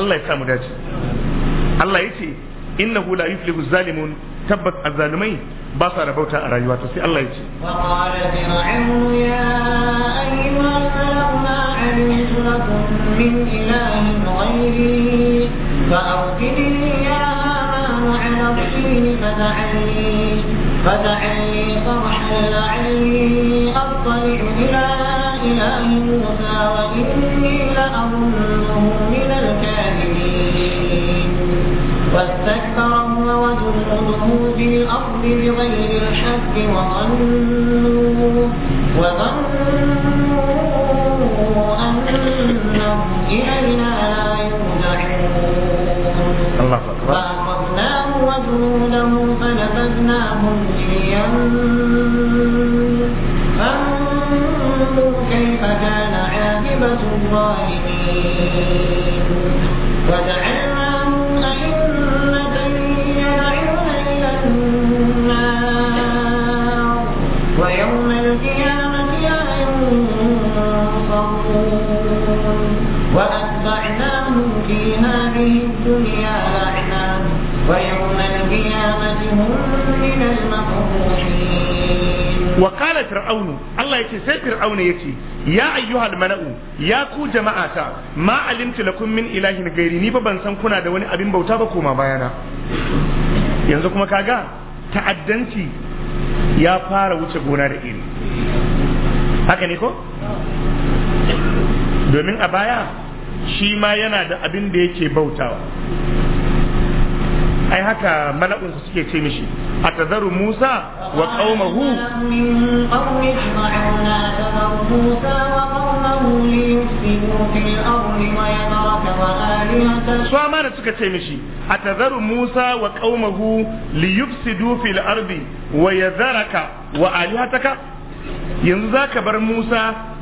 Allah ya samu dace Allah ya ce innahu la yuflihu zalimun tabbas azzalumai ba sa rabauta a rayuwa ta sai Allah ya ce واستكبر هو وجنوده في الأرض بغير الحق وظنوا وظنوا أنهم إليه qala fir'aunu Allah yace sai fir'aunu yace ya ayyuhal mala'u ya ku jama'ata ma alimtu lakum min ilahin gairi ni fa ban san kuna da wani abin bauta ba koma bayana yanzu kuma kaga ta'addanci ya fara wuce gona da iri haka ne ko domin a baya shi ma yana da abin da yake bautawa ai haka mala'unsa suke ce mishi أتذر موسى وقومه من قوم فرعون أتذر موسى وقومه ليفسدوا في الأرض ويذرك وآلهتك موسى yanzu za ka bar Musa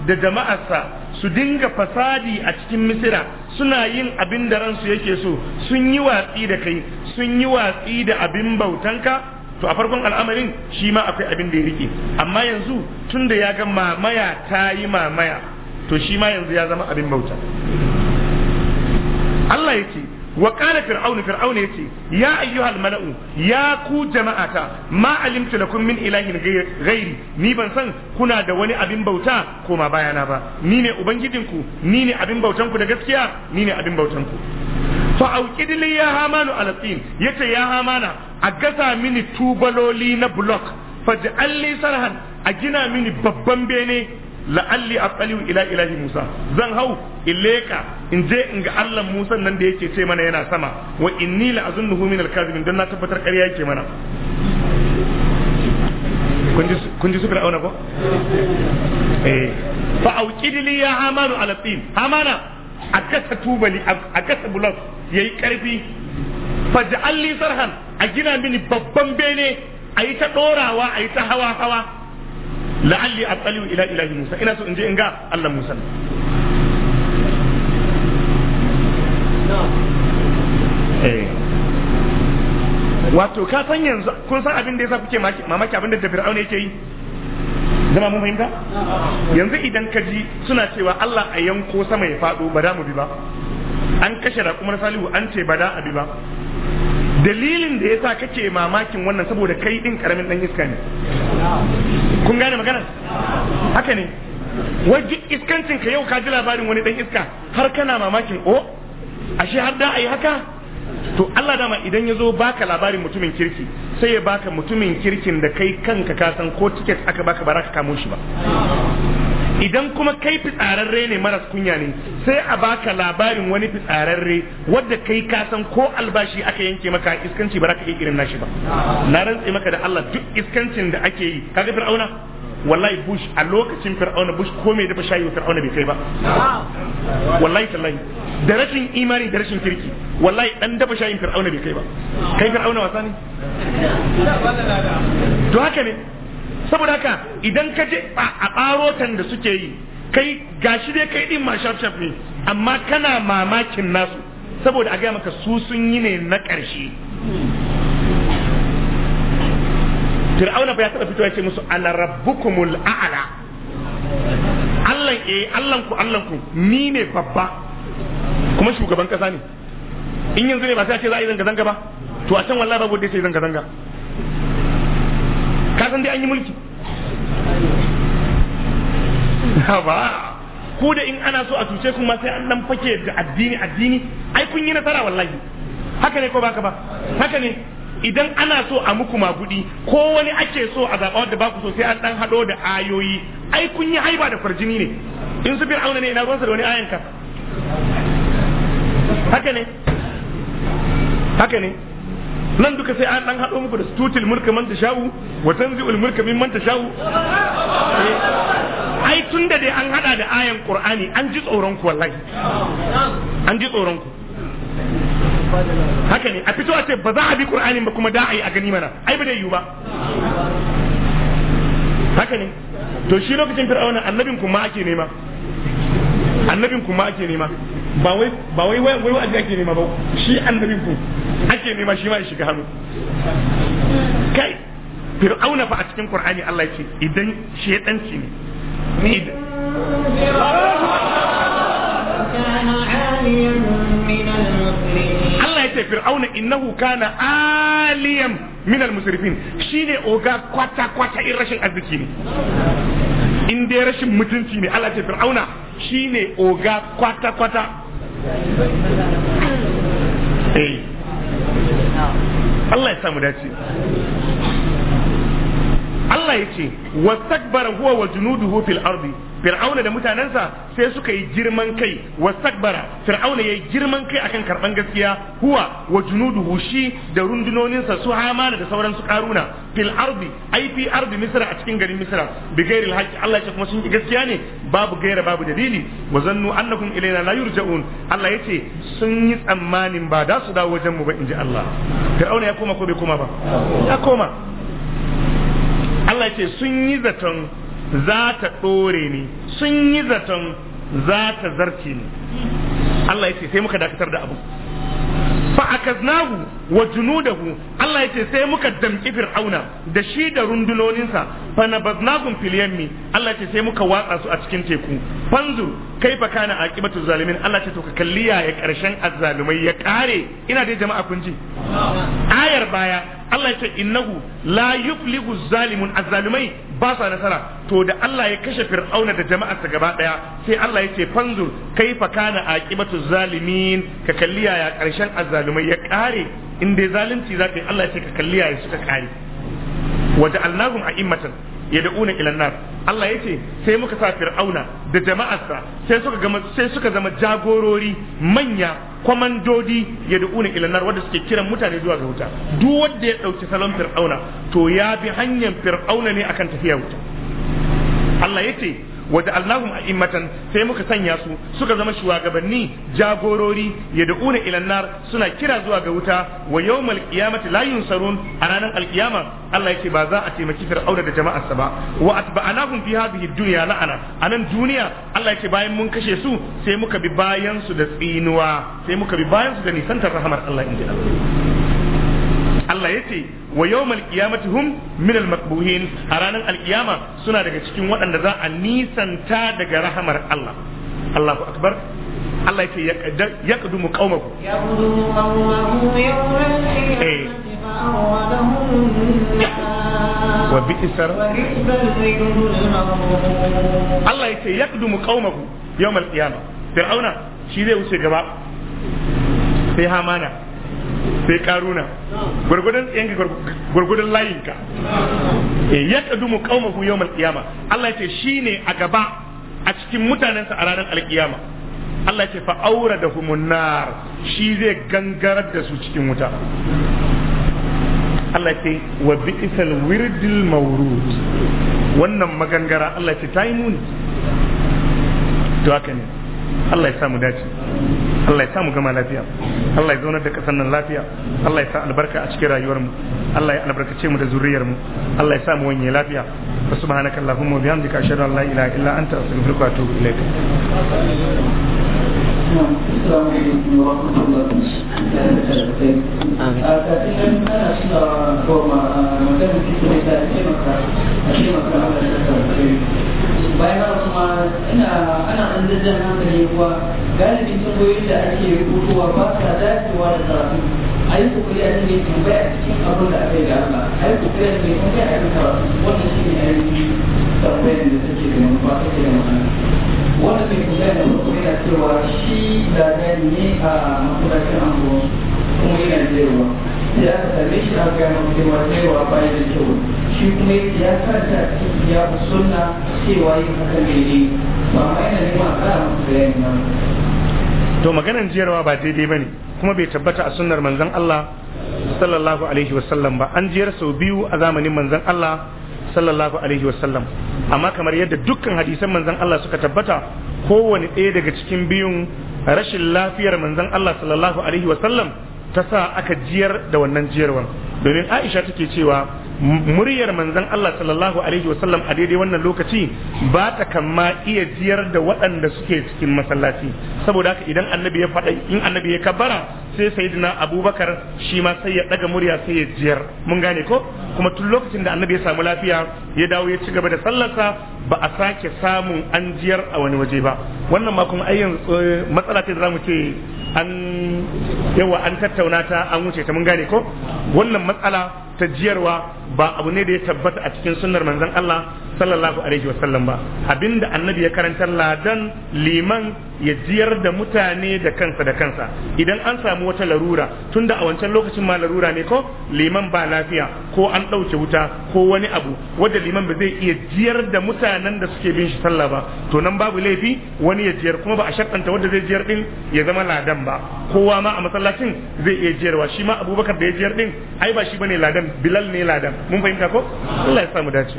da jama'arsa su dinga fasadi a cikin Misira suna yin abin da ransu yake so sun yi watsi da kai sun yi watsi da abin bautanka to a farkon al'amarin shi ma akwai abin da ya rike amma yanzu tun da ya ga mamaya ta yi mamaya to shi ma yanzu ya zama abin bauta Allah ya ce wa qala fir'aun fir'aun ya ce ya ayyuhal mala'u ya ku jama'ata ma alimtu lakum min ilahin ghairi ni ban san kuna da wani abin bauta ko ma bayana ba ni ne ubangijinku ni ne abin bautanku da gaskiya ni ne abin bautanku fa auqid li ya hamanu ala tin yace ya hamana a gasa mini tubaloli na block faj'alli sarhan a gina mini babban bene la'alli aqaliu ila ilahi Musa zan hau in leka in je in ga Allah Musa nan da yake ce mana yana sama wa inni la azunnuhu min al-kadhibin dan na tabbatar ƙarya yake mana kun ji su fir'auna ko eh fa li ya hamanu ala tin amana a kasa tubali a kasa block yayi karfi faj'al alli sarhan a gina mini babban bene a yi ta ɗorawa a yi ta hawa hawa la'alli tsaliyu ila ilahi musa ina so in je in ga Allah musa eh. wato ka san yanzu kun san abin da yasa kuke mamaki abin da da fir'auna yake yi zama mun fahimta yanzu idan ka ji suna cewa Allah a yanko sama ya faɗo ba da mu bi ba an kashe raƙumar salihu an ce ba da a bi ba dalilin da ya sa kake mamakin wannan saboda kai din karamin dan iska ne kun gane magana haka ne Wajen iskancin ka yau ka ji labarin wani dan iska har kana mamakin o oh, ashe har da ayi haka to Allah dama idan ya zo baka labarin mutumin kirki sai ya baka mutumin kirkin da kai kanka ka san ko tiket aka baka ba ka kamo shi ba idan kuma kai fitsararre ne maras kunya ne sai a baka labarin wani fitsararre wadda kai ka san ko albashi aka yanke maka iskanci ba za ka iya irin nashi ba na rantse maka da Allah duk iskancin da ake yi kaga fir'auna wallahi bush a lokacin fir'auna bush ko mai dafa shayi fir'auna bai kai ba wallahi tallahi da rashin imani da rashin kirki wallahi dan dafa shayin fir'auna bai kai ba kai fir'auna wasa ne to haka ne saboda haka idan ka je a barotan da suke yi kai gashi dai kai din ma shaf shaf ne amma kana mamakin nasu saboda a gaya maka su sun yi ne na ƙarshe fir'auna ba ya taɓa fito ya ce musu ana rabbukumul a'ala Allah eh Allah ku Allah ku ni ne babba kuma shugaban kasa ne in yanzu ne ba sai a ce za a yi zanga zanga ba to a can wallahi babu da ya ce zanga zanga Kasan dai an yi mulki ba ku da in ana so a cuce kuma sai an dan fake da addini addini ai kun yi nasara wallahi haka ne ko baka ba haka ne idan ana so a muku magudi ko wani ake so a zaɓa wanda baku so sai an dan hado da ayoyi ai kun yi haiba da farjini ne in su fir'auna ne ina ruwansa da wani ayanka haka ne haka ne nan duka sai an dan haɗo muku da tutil mulka man tashau wa tanzi'ul mulka mimman tashau eh. ai tunda dai an hada da ayan qur'ani an ji tsoron ku wallahi an ji tsoron ku haka ne a fito a ce ba za a bi qur'anin ba kuma da ai a gani mana ai ba dai yiwu ba haka ne to shi lokacin fir'auna annabin ma ake nema annabin ku ma ake nema ba wai ba wai wai wa'azi ake nema ba shi annabin ku ake nema shi ma ya shiga hannu kai fir'auna fa a cikin qur'ani Allah ya ce idan shedanci ne Allah ya ce fir'auna innahu kana aliyan min al-musrifin shine oga kwata kwata in rashin arziki ne in dai rashin mutunci ne Allah ya ce fir'auna shi ne oga kwata-kwata eh. Allah ya samu dace Allah ya ce wastakbara huwa wa junuduhu fil ardi fir'auna da mutanensa sai suka yi girman kai wastakbara fir'auna ya yi girman kai akan karban gaskiya huwa wa junuduhu hushi da rundunoninsa su hamana da sauran su karuna fil ardi ai fi ardi misra a cikin garin misra bi ghairi al Allah ya kuma sun yi gaskiya ne babu gaira babu dalili wa zannu annakum ilaina la yurja'un Allah yace sun yi tsammanin ba da su dawo wajen mu ba inji Allah fir'auna ya koma ko bai koma ba ya koma Allah yace sun yi zaton za ta ɗore ni sun yi zaton za ta zarce ni Allah ya ce sai muka dakatar da abu Fa fa'akaznahu wa junudahu Allah ya ce sai muka damƙi fir'auna da shi da rundunoninsa fa nabaznahum fil yammi Allah ya ce sai muka watsa su a cikin teku fanzu kaifa kana aqibatu zalimin Allah ce to ka kalliya ya ƙarshen azzalumai ya ƙare ina dai jama'a kun ji ayar baya Allah ya ce innahu la yuflihu zalimun azzalumai ba sa nasara to da Allah ya kashe fir'auna da jama'arsa gaba daya sai Allah ya ce fanzur kaifa kana aqibatu zalimin ka kalli ya karshen azzalumai ya kare in dai zalunci zaka yi Allah ya ce ka kalli yaya suka kare wa ja'alnahum a'immatan yad'una ila nar Allah yace sai muka sa fir'auna da jama'arsa sai suka gama sai suka zama jagorori manya kwamandodi yad'una ila nar wanda suke kiran mutane zuwa ga wuta duk wanda ya dauki salon fir'auna to ya bi hanyar fir'auna ne akan tafiya wuta Allah yace wa ja'alnahum a'immatan sai muka sanya su suka zama shugabanni jagorori yad'una ila nar suna kira zuwa ga wuta wa yawmal qiyamati la yunsarun a ranar alkiyama Allah yake ba za a taimaki fir'auna da jama'arsa ba wa atba'anahum fi hadhihi dunya la'ana anan duniya Allah yake bayan mun kashe su sai muka bi bayan su da tsinuwa sai muka bi bayan su da nisantar rahamar Allah inji Allah Allah yace wa yawmal qiyamati hum min al maqbuhin a ranar alkiyama suna daga cikin waɗanda za a nisanta daga rahamar Allah Allahu akbar Allah yake yaqdumu qaumahu yaqdumu qaumahu yawmal qiyamati eh. wa bi'sar Allah yake yaqdumu qaumahu yawmal qiyamah fir'auna shi zai wuce gaba sai hamana sai karuna ka. tsayenka gurgudan layinka eh, ya kauma qaumahu yau malkiyama Allah shi shine a gaba a cikin mutanensa a ranar alkiyama Allah ce fa aura da humunar shi zai gangarar da su cikin wuta Allah ya ce wa bi'sal wirdil mawrud wannan magangara Allah ce ta yi muni to haka ne Allah ya sa mu dace Allah ya sa mu gama lafiya Allah ya zaunar da kasan nan lafiya Allah ya sa albarka a cikin rayuwar mu Allah ya albarkace mu da zuriyar mu Allah ya sa mu wanye lafiya wa subhanaka allahumma wa bihamdika ashhadu an la ilaha illa anta astaghfiruka wa atubu ilaik Assalamu alaikum wa rahmatullahi wa barakatuh. A koma a magana cikin da ta taimaka a taimaka Allah ya bayan haka kuma ina ana ɗan jajjan hankali kuwa galibin tambayoyin da ake rubutuwa ba sa dacewa da karatu a yi kokari a cikin tambaya cikin abin da aka yi da Allah a yi kokari a cikin tambaya a cikin karatu wannan shi ne ainihin tambayar da take da manufa take da ma'ana wannan mai tambaya da mutum yana cewa shi da ne a masarautar anguwa kuma yana jerewa ya aka shi a gaya masa cewa wa baya da kyau shi kuma ya karanta ya sunna cewa yin haka ne ba ma yana neman a kara masa bayani ba to maganan jiyarwa ba daidai bane kuma bai tabbata a sunnar manzon Allah sallallahu alaihi wasallam ba an jiyar sau biyu a zamanin manzon Allah sallallahu alaihi wasallam amma kamar yadda dukkan hadisan manzon Allah suka tabbata kowane ɗaya daga cikin biyun rashin lafiyar manzon Allah sallallahu alaihi wasallam ta sa aka jiyar da wannan jiyarwar domin aisha take cewa muryar manzon Allah sallallahu alaihi wasallam a daidai wannan lokaci ba ta kama iya jiyar da waɗanda suke cikin masallaci saboda haka idan annabi ya faɗa in annabi ya kabbara sai sayyidina abubakar shi ma sai ya ɗaga murya sai ya jiyar mun gane ko kuma tun lokacin da annabi ya samu lafiya ya dawo ya ci gaba da sallarsa ba a sake samun an jiyar a wani waje ba wannan ma kuma ai eh, matsala ce da zamu ce an yawa an tattauna ta an wuce ta mun gane ko wannan matsala tajiyarwa jiyarwa ba abu ne da ya tabbata a cikin sunnar manzon Allah sallallahu alaihi wa sallam ba abinda annabi ya karanta ladan liman ya jiyar da mutane da kansa da kansa idan an samu wata larura tunda a wancan lokacin ma larura ne ko liman ba lafiya ko an ɗauke wuta ko wani abu wanda liman ba zai iya jiyar da mutanen da suke bin shi sallah ba to nan babu laifi wani ya jiyar kuma ba a shakanta wanda zai jiyar din ya zama ladan ba kowa ma a masallacin zai iya jiyarwa shi ma abubakar da ya jiyar din ai ba shi bane ladan bilal ne ladan mun fahimta ko Allah ya samu dace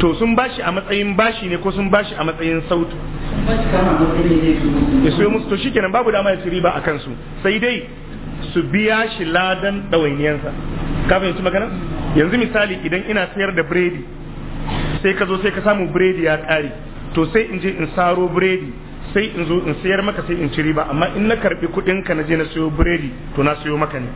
to sun bashi a matsayin bashi ne ko sun bashi a matsayin sautu ya so musu to kenan babu dama ya su riba a kansu sai dai su biya shi ladan ɗawainiyansa kafin ci magana yanzu misali idan ina sayar da biredi sai ka zo sai ka samu biredi ya ƙare to sai in je in saro biredi sai in zo in sayar maka sai in ci riba amma in na karbi kuɗin ka na je na sayo biredi to na sayo maka ne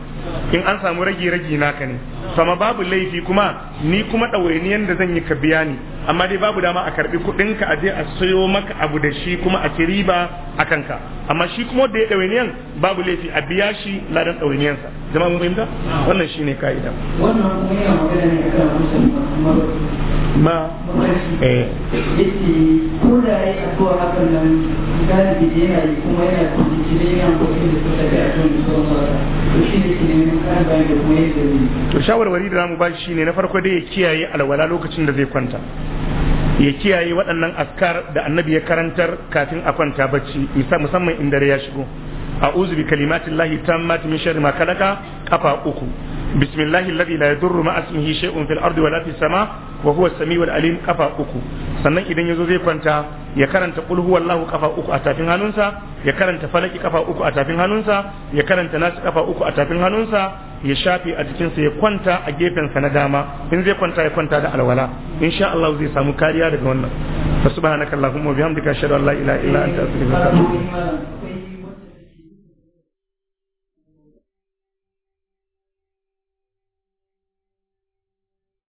in an samu ragi ragi naka ne sama babu laifi kuma ni kuma dawainiyan da zan yi ka biya ni amma dai babu dama a karbi kuɗinka a je a sayo maka abu da shi kuma a ci riba a kanka amma shi kuma da ya ɗawainiyan babu laifi a biya shi ladan ɗawainiyansa zama mun fahimta wannan shi ka'ida wannan kuma magana ne ka'ida ma eh ko da ya abuwa kuma yana da shawarwari da zamu ba shi ne na farko dai ya kiyaye alwala lokacin da zai kwanta ya kiyaye waɗannan askar da annabi ya karantar kafin a kwanta bacci musamman in dare ya shigo a uzubi kalimatillahi ta min sharri ma kalaka kafa uku بسم الله الذي لا يضر مع اسمه شيء في الارض ولا في السماء وهو السميع العليم قفا uku sannan idan yazo zai kwanta ya karanta qul huwallahu kafa uku a tafin hannunsa ya karanta falaki kafa uku a tafin hannunsa ya karanta nasu kafa uku a tafin hannunsa ya shafi a jikinsa ya kwanta a gefen sa na dama in zai kwanta ya kwanta da alwala insha Allah zai samu kariya daga wannan fa subhanakallahumma wa bihamdika ashhadu an la ilaha illa anta astaghfiruka wa atubu ilaik